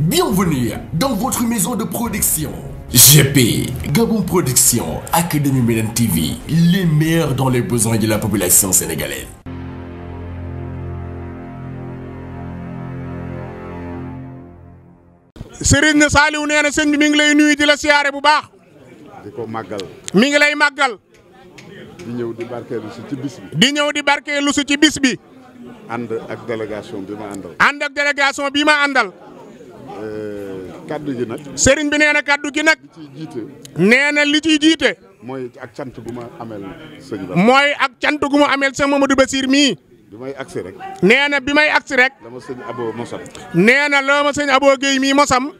Bienvenue dans votre maison de production. GP, Gabon Production, Académie Médan TV, les meilleurs dans les besoins de la population sénégalaise. Serigne Saliou nee na bi mi ngi lay nuyu di la siyaare bu baax. di ko màggal. mi ngi lay màggal. di ñëw di barkeelu si di ñëw di barkeelu si ci bis bi. ànd ak délégation bi ma àndal. ànd ak délégation bi ma àndal. kaddu gi nag. sëriñ bi nee na kaddu gi nag. nee na li ciy jiite. mooy ak cant gu ma ameel sëñ Ba. mooy ak cant gu ma ameel sëñ Mamadou Bassir mii. bi may rek. nee na bi may agsi rek. la ma sëñ Abo Mosam. nee na la ma sëñ Abo Guèye mii Mosam.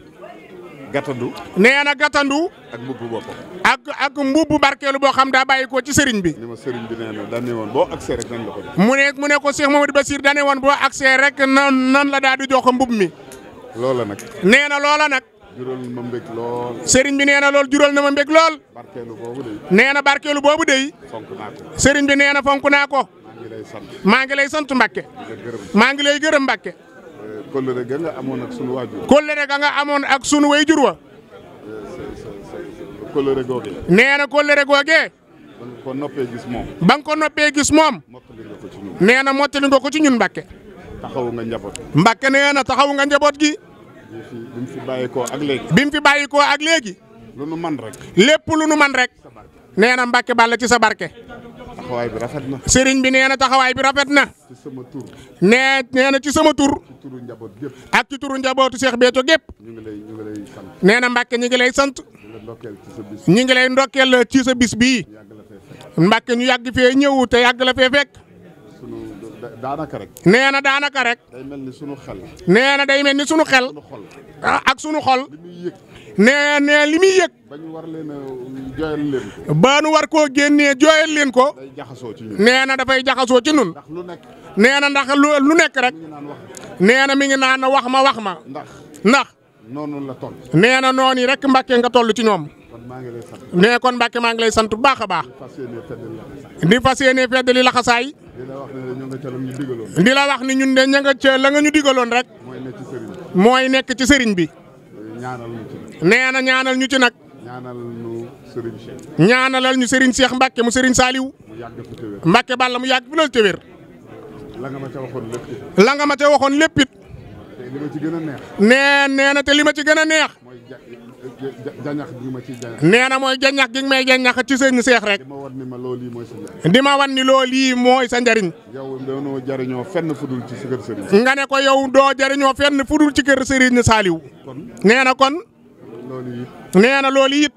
gàttandu. nee na gàttandu. ak mbubb boppam. ak ak mbubb barkeelu boo xam daa bàyyi ko ci sëriñ bi. ni ma bi nee na daan ne woon boo agsee ko jox. mu ne mu ne ko Cheikh Mamadou Bassir rek nan nan la daal di jox mbubb mi. loola nag. nee na loola nag. jural na ma mbég sëriñ bi nee na lool jural na ma mbég lool. barkeelu nee na barkeelu boobu de. fonk naa bi nee na fonk naa ko. maa ngi lay sant. maa ngi lay sant Mbacke. maa ngi lay gërëm Mbacke. Eh, kóllëre ga nga amoon ak sunu waajur. kóllëre nga amoon ak sunu waajur wa. Eh, kóllëre googe. nee na kóllëre googe. ba nga gis moom. ba nga ko gis moom. mottali ci ñun. nee na mottali nga ko ci ñun Mbacke. taxawu nga na taxawu njaboot gi. bi fi bàyyikoo ak léegi. bi mu fi bàyyikoo ak léegi. lu nu man rek. lépp lu nu man rek. nee na Mbacke Balla ci sa barke. taxawaay bi rafet na. sëriñ bi nee na taxawaay bi rafet na. ci sama tur. nee nee na ci sama tur. ci turu njaboot gépp. ak ci turu njabootu Cheikh Béthio gépp. ñu ngi lay ñu ngi lay sant. nee na Mbacke ñu ngi lay sant. ñu ngi lay ndokkeel ci sa bis bii. Mbacke ñu yàgg fee ñëw te yàgg la fee fekk. daanaka rek. nee na daanaka rek. day mel ni sunu xel. nee na day mel ni sunu xel. Ah, ak sunu xol. nee nee li muy yëg. ba ñu war leen a ko. ba ñu war koo génnee jooyal leen ko. day jaxasoo ci nee na dafay jaxasoo ci ñun. ndax lu nekk. nee na ndax lu nekk rek. nee na mi ngi naan wax ma wax ma. ndax. ndax. noonu la toll. nee na noonu rek Mbàkke nga toll ci ñoom. nee kon Mbacke maa ngi lay sant bu baax a baax. di fas yéene fedd li laxasaay. di la wax ne ñun de ña nga ca la nga ñu digaloon rek. mooy nekk ci sëriñ bi. nee na ñaanal ñu ci nag. ñaanal ñu sëriñ Cheikh. ñaanalal ñu sëriñ Cheikh Mbacke mu sëriñ Saliou. Mbacke Balla mu yàgg fi loolu te wér. la nga ma ca waxoon lépp it. nga ma waxoon lépp it. nee nee na te li ma ci gën a neex. jañax gi ma ciy jañax. nee na mooy jañax gi may jañax ci seen seex rek. di ma wan ni ma loolu yi mooy sa njariñ. di ma wan ni loolu yi mooy sa njariñ. yow doo jariñoo fenn fudul ci kër Serigne. nga ne ko yow doo jariñoo fenn fudul ci kër Serigne Saliou. nee na kon. loolu it. nee na loolu it.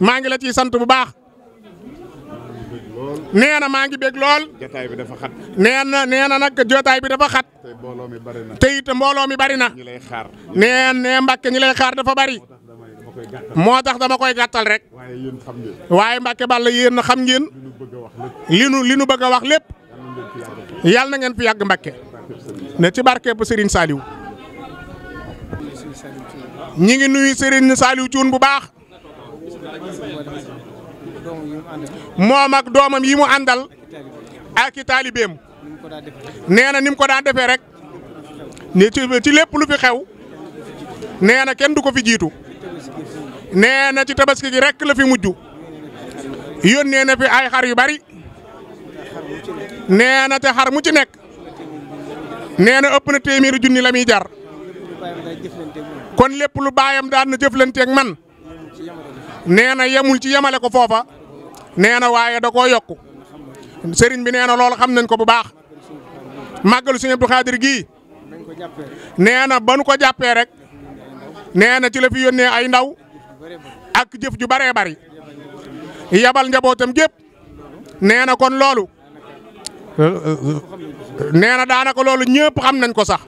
maa ngi la ciy sant bu baax. nee na maa ngi bég lool. jotaay bi dafa xat. nee na nee na nag jotaay bi dafa xat. te mbooloo mi bari na. te it mbooloo mi bari na. ñi lay xaar. nee na Mbàkke ñi lay xaar dafa bari. moo tax dama koy gàttal rek. waaye yéen xam waaye Mbacke Balla yéen a xam ngeen. li nu li nu bëgg a wax lépp. yàlla ngeen fi yàgg mbakke ne ci bu Serigne saaliw ñi ngi nuyu Serigne Saliou Thioune bu baax. moom ak doomam yi mu àndal. ak i taalibeem. nee na ko daan defee rek. ne ci lépp lu fi xew. nee na kenn du ko fi jiitu. nee na ci tabaski gi rek la fi mujj yónnee na fi ay xar yu bari nee na xar mu ci nekk nee na ëpp na téeméeri junni la muy jar kon lépp lu baayam daan na jëflanteeg man nee na yemul ci yamale ko foofa nee na waaye da koo yokku sëriñ bi nee na loolu xam nañ ko bu baax màggalu Sëriñ Abdou Khadir gii nee na ba ko jàppee rek nee na ci la fi yónnee ay ndaw. ak jëf ju bëree bëri yabal njabootam gépp nee na kon loolu nee na daanaka loolu ñëpp xam nañ ko sax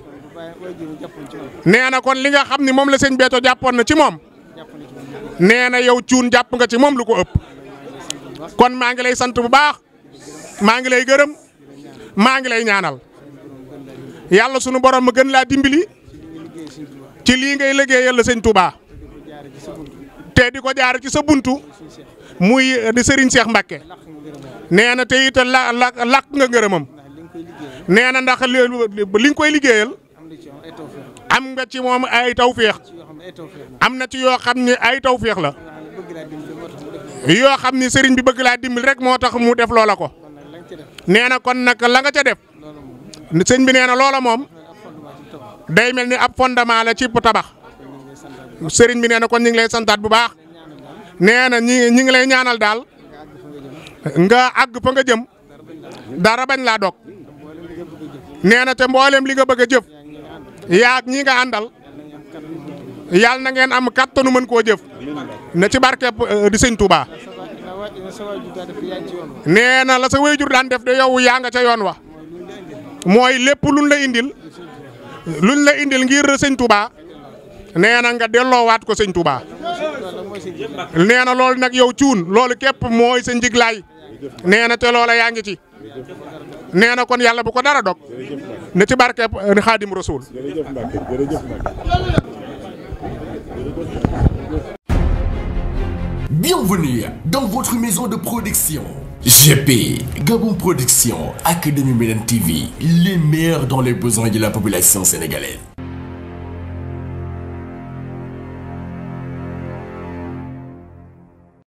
nee na kon li nga xam ni moom la sëñ Béthio jàppoon na ci moom nee na yow cuun jàpp nga ci moom lu ko ëpp kon maa ngi lay sant bu baax maa ngi lay gërëm maa ngi lay ñaanal yàlla sunu borom ma gën laa dimbali ci lii nga liggéeyal la sëñ Touba te di ko jaar ci sa buntu muy eh, di sëriñ seex Mbacke nee na te it la la làkk nga ngërëmam nee na ndax li nga koy liggéeyal am nga ci moom ay tawféex am na ci yoo xam ne ay taw tawféex la yoo xam ne sëriñ bi bëgg laa dimbali rek moo tax mu def loola ko nee na kon nag la nga ca def sëñ bi nee na loola moom day mel ni ab fondement la ci tabax. sëriñ bi nee na kon ñu santaat bu baax nee na ñi ñi ngi lay ñaanal daal nga àgg fa nga jëm dara bañ laa dog nee na te mboolem li nga bëgg a jëf yaag ñi nga àndal yàlla na ngeen am kattanu mën koo jëf na ci barkeb euh, di sëñ Touba. nee na la sa wéyjur daan def de yow yaa nga ca yoon wa mooy lépp luñ la indil luñ la indil ngir sëñ Touba. nee na nga delloowaat ko sëñ Touba nee na loolu nag yow cuun loolu képp mooy sa njiglaay nee na te loola yaa ngi ci neena kon yàlla bu ko dara dog ne ci barke Xaadim Rasuul Bienvenue dans votre maison de production GP Gabon Production Académie Médine TV les meilleurs dans les besoins de la population sénégalaise